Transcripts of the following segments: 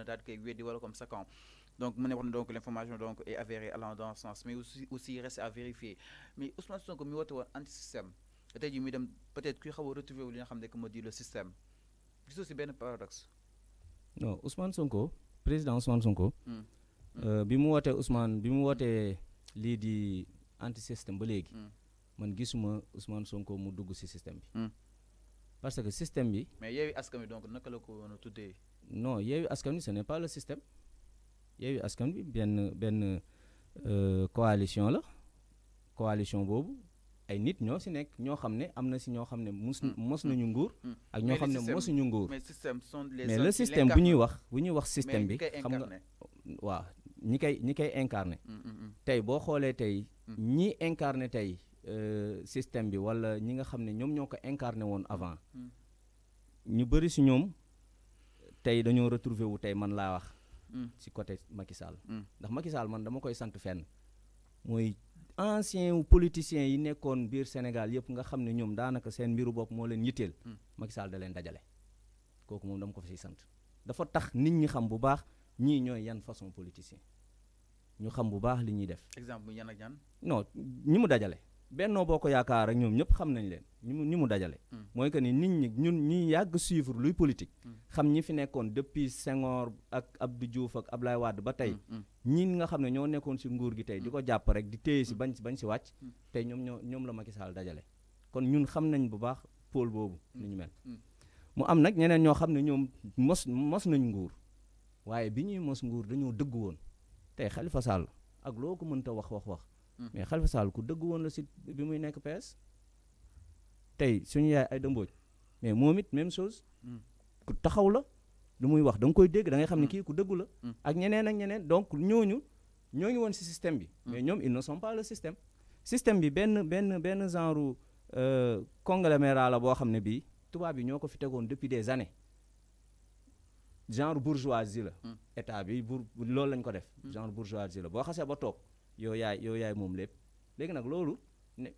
date koy weddi wala comme ça quand donc mu donc l'information donc est avérée allant dans ce sens mais aussi aussi reste à vérifier mais Ousmane Sonko mi woote anti système peut-être peut-être que vous retrouvez ou wu li nga que le système aussi bien un paradoxe non Ousmane Sonko président Ousmane Sonko hmm. Hmm. Euh, bi mu Ousmane bi mu wootee lii di anti système ba hmm. man gisuma Ousmane Sonko mu si système parce que le système bi. mais Yewwi Askan Wi donc naka la ko woon a non Yewwi Askan Wi ce n'est pas le système Yewwi Askan ben ben euh, coalition la coalition bobu ay nit ñoo si nekk ñoo xam ne am na si ñoo xam ne mos hmm. mos nañu nguur. Hmm. Hmm. ak ñoo xam ne mosuñu nguur. mais système sont les mais le système bu ñuy wax bu ñuy wax système bi. xam nga waaw ñi kay ñi kay incarné. tey boo xoolee tey ñi incarné tey. Euh, système bi wala ñi nga xam ne ñoom ñoo ko incarné woon avant hmm. ñu bëri si ñoom tey dañoo retrouver wu tey man laa wax hmm. si côté Macky Sall hmm. ndax Macky Sall man dama koy sant fenn mooy ancien wu politiciens yi nekkoon biir Sénégal yëpp nga xam ne ñoom daanaka seen mbiru bopp moo leen yitteel Macky Sall da leen dajale kooku moom dama ko fi sant dafa tax nit ñi xam bu baax ñii ñooy yan façon politicien ñu xam bu baax li ñuy def exemple yan ak yan non ñi mu dajale bennoo boo ko yaakaar ak ñoom ñëpp xam nañ leen ñi mu ñi mu dajale. Hmm. mooy que ni nit ñi ñun ñi yàgg suivre luy politique. Hmm. xam ñi fi nekkoon depuis Senghor ak Abdou Diouf ak Ablaye Wade ba tey. Hmm, ñin nga xam ne ñoo nekkoon si nguur gi tey di ko jàpp rek di téye si bañ bañ si wàcc. tey ñoom ñoo ñoom la Macky Sall dajale kon ñun xam nañ bu baax pôle boobu. ni ñu mel mu am nag ñeneen ñoo xam ne ñoom mos mos nañ nguur waaye bi ñuy mos nguur dañoo dëgg woon tey Khalifa Sall ak loo ko mënta wax wax wax. Mm-hmm. mais Khalifa Sall ku dëgg woon la si bi muy nekk PS tey suñu yaay ay dëmbooj mais moom it même chose mm. ku taxaw la lu muy wax da nga koy dégg da ngay xam ne mm. kii ku dëggu la mm. ak ñeneen ak ñeneen donc ñooñu ñoo ngi woon si système bi mais ñoom ils ne sont pas le bi benn benn benn genre euh, conglomérat la boo xam ne bii tubaab yi ñoo ko fi tegoon depuis des années genre bourgeoisie la état bi bour loolu lañ ko def genre bourgeoisie la boo xasee ba toog yow yaay yow yaay moom lépp léegi nag loolu ne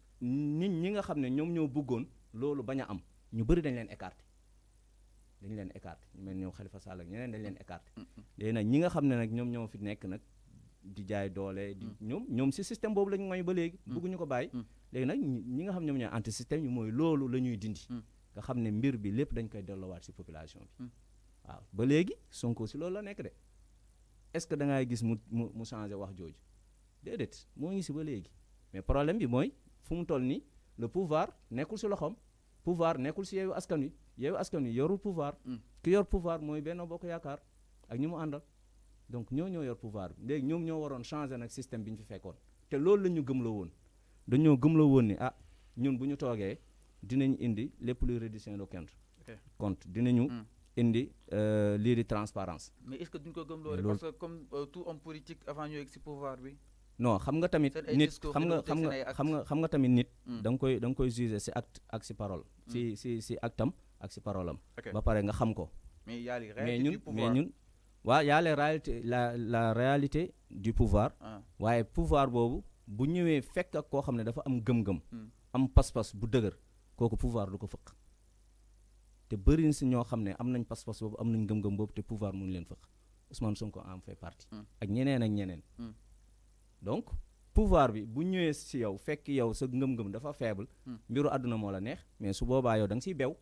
nit ñi nga xam ne ñoom ñoo buggoon loolu bañ a am ñu bëri dañ leen écarté dañ leen écarté ñu mel ñoom Khalifa Sall ñeneen dañ leen écarté léegi nag ñi nga xam ne ñoom ñoo fi nekk nag di jaay doole mm. ñoom ñoom si système boobu lañu moy ba léegi mm. bëgguñu ko bàyyi mm. léegi nag ñi nga xam ñoom ñooy anti système yi mooy loolu la ñuy dindi nga xam ne mbir bi lépp dañ koy delloowaat si population bi waaw ba léegi Sonko si loolu la nekk de est-ce que da ngay gis mu mu mu changé wax jooju déedéet mo ngi ci ba legi mais problème bi moy fum toll ni le pouvoir nekul si loxoom pouvoir nekul ci yeewu askan wi yeewu askan wi yorul pouvoir. Hmm. ki yor pouvoir moy Benno Bokk yakar ak ñimu andal donc ñoo ñoo yor pouvoir bi léegi ñoom ñoo waroon changer nak système biñ fi fekkoon te loolu la ñu won dañu dañoo gëmloo woon ni ah ñun buñu ñu dinañ indi lépp luy reddition de compte. compte dinañu. Hmm. indi euh lii di transparence mais est-ce que duñ ko gëmloo rek parce que comme euh, tout homme politique avant ñoo yegg pouvoir bi. non xam nga tamit nit xam nga xam nga xam nga xam nga tamit nit hmm. da koy da koy juger si acte ak si parole si hmm. si si actam ak si parole ba pare nga xam ko mais ñun mais ñun waaw y a les réalité la la réalité du pouvoir ah. waaye pouvoir boobu bu ñëwee fekk ak koo xam ne dafa am gëm-gëm hmm. am pas-pas bu dëgër kooku pouvoir du ko fëq te bëri si ñoo xam ne am nañ pas-pas boobu am nañ gëm-gëm boobu te pouvoir mun leen fëq Ousmane ko am fait partie ak ñeneen ak ñeneen donc pouvoir bi bu ñëwee si yow fekk yow sa ngëm-ngëm dafa faible. Hmm. mbiru àdduna moo la neex mais su boobaa yow da nga siy bew.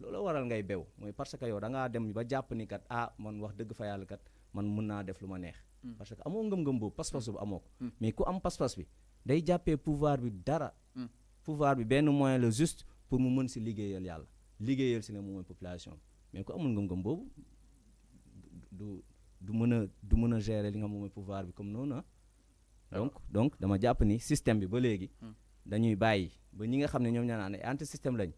loolu waral ngay bew mooy parce que yow da ngaa dem ba jàpp ni kat ah man wax dëgg fa yàlla kat man mun naa def lu ma neex. Hmm. parce que amoo ngëm-ngëm boobu pas-pas bu amoo ko. Hmm. mais ku am pas-pas bi day jàppee pouvoir bi dara. pouvoir bi benn moyen la juste pour mu mën si liggéeyal yàlla liggéeyal si ne moom population mais ku amul ngëm-ngëm boobu du du mën a du mën a gérer li nga xam moom mooy pouvoir bi comme noonu ah. donc donc dama japp ni système bi ba légui hmm. dañuy bayyi ba ñi nga xamné ñom ñaanane anti système lañ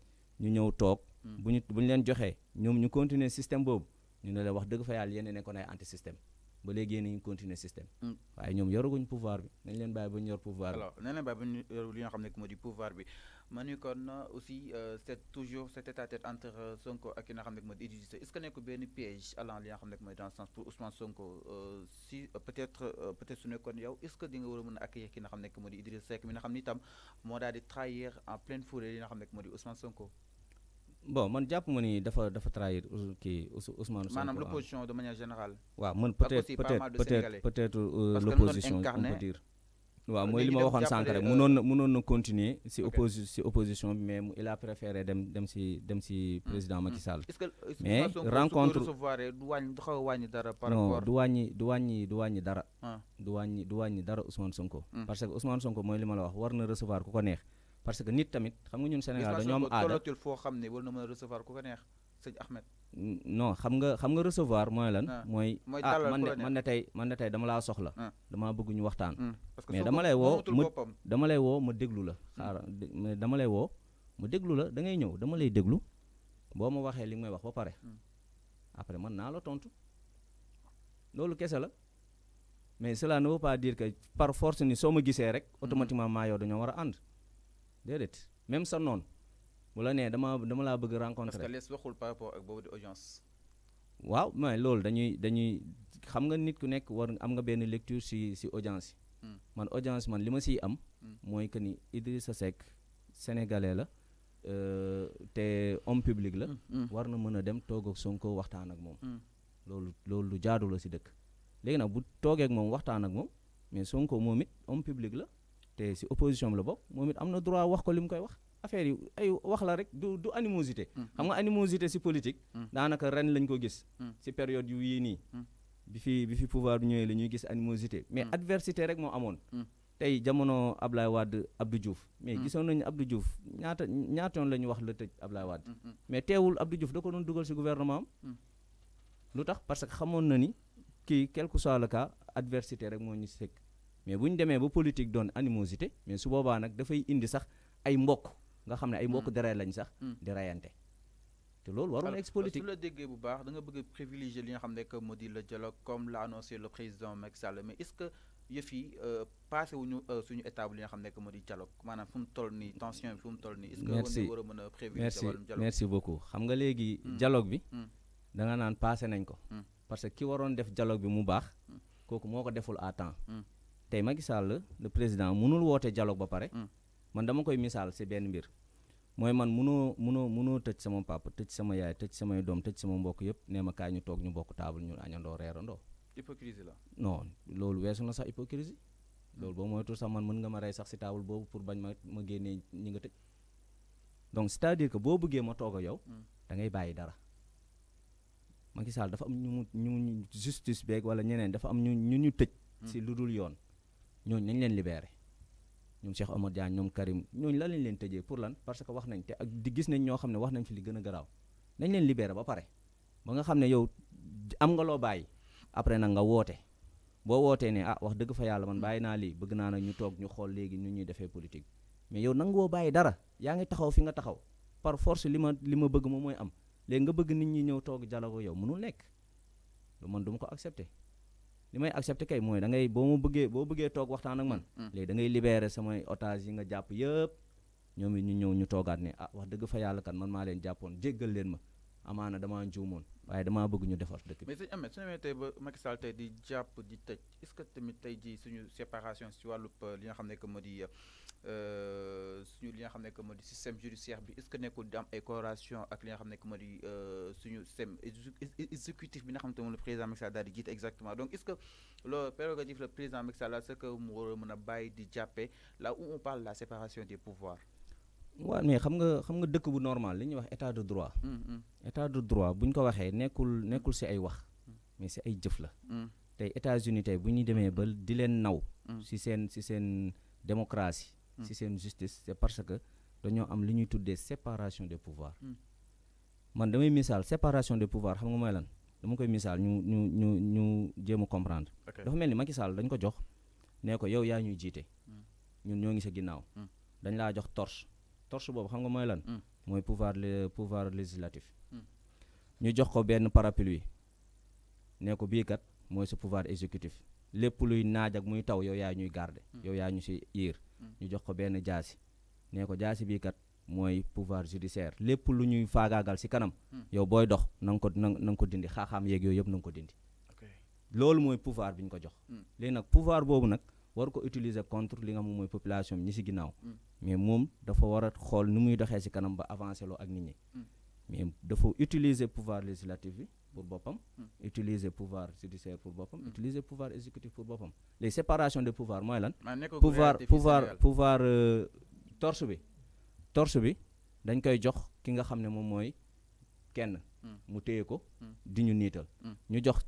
ñu ñew tok hmm. buñu buñu leen joxé ñom ñu continuer système bobu ñu la wax deug fa yalla yene ne ko ay anti système ba léegi yéen a ngi continuer système. Mm. waaye ñoom yoraguñ pouvoir bi nañ leen bàyyi ba ñu yor pouvoir bi. alors nañ leen bàyyi ba ñu yor li nga xam ne moo di pouvoir bi ma ne kon euh, aussi euh, c'est toujours cet état tête entre euh, Sonko ak ki nga xam ne moo di Idriss Seck est-ce que nekk benn piège allant li nga xam ne mooy dans le sens pour Ousmane Sonko si peut-être peut-être su nekkoon yow est-ce que di nga war a mën a accueillir ki nga xam ne moo di Idriss Seck mi nga xam ni itam moo daal di trahir en pleine forêt li nga xam ne moo di Ousmane Sonko. bon man jàpp ma ni dafa dafa trahir kii Ousmane ah. man peut être peut être peut être peut être l'opposition on peut dire. waaw euh, mooy li euh, na mënoon na continuer si opposi si opposition bi mais il a dem dem si dem si hmm. président Macky hmm. Sall. mais rencontre non wàññi du wàññi wàññi dara. Ah. wàññi du wàññi dara Ousmane Sonko. Hmm. parce que Ousmane Sonko mooy li ma la wax war na recevoir ku ko neex. parce que nit tamit xam nga ñun Sénégal dañoo am aada foo xam ne war na mën a recevoir ku ko neex sëñ Ahmed. xam nga xam nga recevoir mooy lan. Ah. mooy ah man na tey man de tey dama laa soxla. Ah. damaa bëgg ñu waxtaan. Mm, mais dama lay woo ma dama lay woo ma déglu la. xaaral dama lay woo ma déglu la da ngay ñëw dama lay déglu boo ma waxee li may wax ba pare. Mm. après man naa la tontu loolu kese la mais cela ne veut pas dire que par force ni soo ma gisee rek. Mm. automatiquement maa yow dañoo war a ànd. déedéet même sa noonu bu ne dama dama laa bëgg rencontrer. parce waxul par rapport ak boobu di waaw mais loolu dañuy dañuy xam nga nit ku nekk war am nga benn lecture si ci audience yi. Hmm. man audience man li ma siy am. Hmm. mooy que ni sa Seck sénégalais la euh, te homme public la. Hmm, war na mën a dem toog ak Sonko waxtaan ak moom. loolu loolu lu jaadu la ci dëkk. léegi nag bu toogee moom waxtaan ak moom mais Sonko moom it homme public la. te si opposition la boo moom it am na droit wax ko li mu koy wax affaire yi ay wax la rek du du animosité mm. xam nga animosité si politique mm. daanaka ren lañ ko gis mm. si période yu yii nii bi fi bi fi pouvoir bu ñëwee la ñuy gis animosité mais adversité rek moo amoon tey jamono ab Ablaye Wade Abdou Diouf mais gisoon nañu Abdou Diouf ñaata ñaata yoon la ñu wax la tëj Ablaye Wade mais teewul Abdou Diouf da ko doon dugal si gouvernement am lu tax parce que xamoon na ni kii quel que soit rek moo ñu sekk mais si vous avez politique donne animosité mais su indi sax ay mbokk nga ay mbokk mm. lañ sax mm. di ex politique la bu le dialogue comme l'a annoncé le président Macky mais est-ce que yëf euh, passé wuñu euh, suñu étape li nga dialogue tension est-ce que merci privilégier merci beaucoup xam nga mm. dialogue bi da nga passé nañ parce que ki def dialogue bi mu baax tey Macky Sall le président mënul woote dialogue ba pare. Mm. man dama koy misaal si benn mbir. mooy man munoo mënoo mënoo tëj sama papa tëj sama yaay tëj samay doom tëj sama mbokk yëpp nee ma kaay ñu toog ñu bokk table ñu añandoo reerandoo. hypocrisie la. non loolu weesu na sax hypocrisie mm. loolu boo moytu sax man mën nga ma rey sax si table boobu pour bañ ma ma génnee ñi nga tëj. donc cest à que boo bëggee ma toog a yow. Mm. da bàyyi dara. Macky Sall dafa am ñu mu beeg wala ñeneen am ñu ñu ñu tëj. lu dul yoon. ñooñu nañ leen libéré ñoom Cheikh Omar Diagne ñoom Karim ñooñ la lañ leen tëjee pour lan parce que wax nañ te ak di gis nañ ñoo xam ne wax nañ fi li gën a garaaw nañ leen libéré ba pare ba nga xam ne yow am nga loo bàyyi après nag nga woote boo wootee ne ah wax dëgg fa yàlla man bàyyi naa lii bëgg naa nag ñu toog ñu xool léegi nu ñuy defee politique mais yow nangoo bàyyi dara yaa ngi taxaw fi nga taxaw par force li ma li ma bëgg moom mooy am léegi nga bëgg nit ñi ñëw toog dialogue yow mënul nekk man du ma ko accepté li may accepté kay mooy da ngay boo ma bëggee boo bëggee toog waxtaan ak man. Mm, mm. léegi da ngay samay otage yi nga jàpp yëpp ñoom it ñu ñëw ñu toogaat ne ah wax dëgg fa yàlla kan man maa leen jàppoon jéggal leen ma. amaana damaa njuumoon waaye damaa bëgg ñu defar dëkk bi. mais sëñ Ahmed su ñu tey ba Macky Sall tey di jàpp di tëj est ce que tamit tey ji suñu séparation si wàllub euh, li nga xam ne que moo di euh, suñu li nga xam ne que moo di système judiciaire bi est ce que nekkul di am ay corrélation ak li nga xam ne que moo di euh, suñu système exécutif bi nga xam te moom le président Macky Sall daal di jiite exactement donc est ce que le prérogative le président Macky Sall la ce que mu war a mën a bàyyi di jàppee là où on parle la séparation des pouvoirs. waaw mais xam nga xam nga dëkk bu normal li ñu wax état de droit. Mm, mm. état de droit bu ñu ko waxee nekkul nekkul si ay wax mm. mais si ay jëf la. tey États-Unis tey bu ñuy demee ba di leen naw. si seen si seen démocratie. si seen justice c'est parce que dañoo am li ñuy tuddee séparation de pouvoirs. man damay misaal séparation de pouvoirs xam nga mooy lan dama koy misaal ñu ñu ñu ñu jéem a comprendre. dafa mel ni Macky Sall dañ ko jox nee ko yow yaa ñuy jiite. ñun ngi sa ginnaaw. torche boobu xam nga mooy lan. Mm. mooy pouvoir le pouvoir législatif. Mm. ñu jox ko benn parapluie ne ko bii kat mooy sa pouvoir exécutif lépp luy naaj ak muy taw yow yaa ñuy garde mm. yow yaa ñu si yiir. ñu jox ko benn jaasi ne ko jaasi bii kat mooy pouvoir judiciaire lépp lu ñuy faagaagal si kanam. yow booy dox na ko na nga ko dindi xaaxaam yeeg yooyu yëpp na nga ko dindi. loolu mooy pouvoir bi ñu ko jox. léegi nag pouvoir boobu nag war ko utiliser contre li nga xam mooy population si ginnaaw. mais moom dafa war a xool nu muy doxee ci kanam ba avancé loo ak nit ñi. Mm. mais dafa utiliser pouvoir législatif bi pour boppam. Mm. utiliser pouvoir judiciaire pour boppam. Mm. utiliser pouvoir exécutif pour boppam. les séparation de pouvoir mooy lan. pouvoir pouvoir pouvoir euh, torse bi. torse bi dañ koy jox ki nga xam ne moom mooy kenn. mu téye ko di ñu niital. ñu jox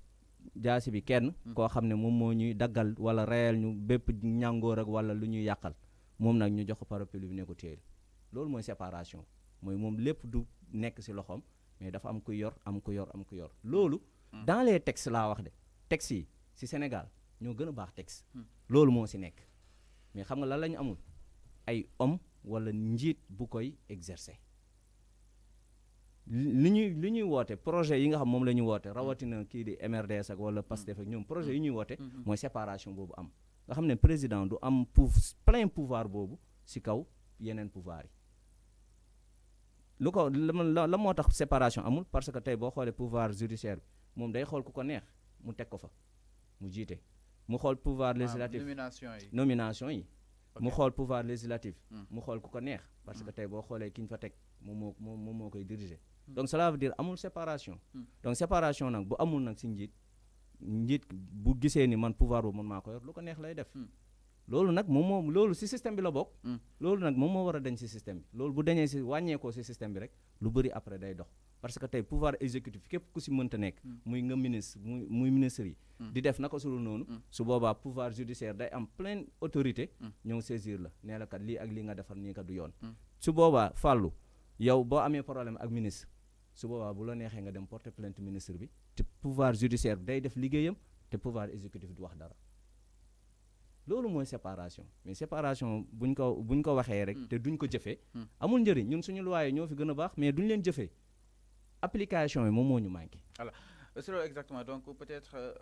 jaasi bi kenn. koo xam ne moom moo ñuy daggal wala reyal ñu bépp ñàngoor rek wala lu ñuy yàqal mom nak ñu jox ko parapluie bi ne ko téel loolu mooy séparation mooy moom lépp du nekk ci loxom mais dafa am ku yor am ku yor am ku yor loolu. Hmm. dans les textes laa wax de textes yi ci Sénégal ñoo gën a baax texte. Hmm. loolu moo si nekk mais xam nga lan la amul ay homme wala njiit bu koy exercer. li ñuy li ñuy woote projet yi nga xam moom la ñuy woote rawatina kii di MRDS ak wala PASTEF ak ñoom projet yi ñuy woote. Hmm. mooy séparation boobu am nga xam ne président du am pou plein pouvoir boobu si kaw yeneen pouvoir yi lu ko la la moo séparation amul parce que tey boo xoolee pouvoir judiciaire bi moom day xool ku ko neex mu teg ko fa mu jiite mu xool pouvoir ah, législatif nomination yi mu xool pouvoir législatif hmm. mu xool ku neex parce que hmm. tey boo xoolee kiñ fa teg moom moo moom moo diriger hmm. donc cela veut dire amul séparation donc séparation nag bu amul nag si njiit njiit bu gisee ni man pouvoir bu man maa ko yor lu ko neex lay def. Hmm. loolu nag moom moom loolu si système bi la bokk. Hmm. loolu nag moom moo war a dañ si système bi loolu bu dañee si wàññeekoo si système bi rek lu bëri après day dox parce que tey pouvoir exécutif képp ku si mënta nekk. Hmm. muy nga ministre muy muy ministre yi. di def naka sulu noonu. su boobaa pouvoir judiciaire day am pleine autorité. ñëw saisir la nee la kat lii ak lii nga defar nii kat du yoon. su boobaa fàllu yow boo amee problème ak ministre su boobaa bu la neexee nga dem porter plainte ministre bi. te pouvoir judiciaire day def liggéeyam te pouvoir exécutif du wax dara loolu mooy séparation mais séparation buñ ko buñ ko waxee rek. Hmm. te duñ ko jëfee. Hmm. amul njëriñ ñun suñu loi yi ñoo fi gën a baax mais duñ leen jëfee application yi moom moo ñu manqué. voilà c'est euh, exactement donc peut-être euh,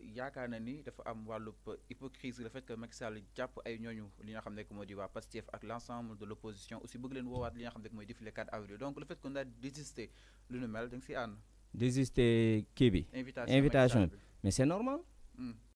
yaakaar na ni dafa am wàllub hypocrisie le fait que Macky Sall jàpp ay ñooñu li nga xam ne moo di waa Pastef ak l'ensemble de l'opposition aussi bëgg leen woowaat li nga xam ne mooy défilé 4 avril donc le fait qu'on a désisté lu nu mel da nga ànd désister kii Invitation. invitation mais c'est normal hmm.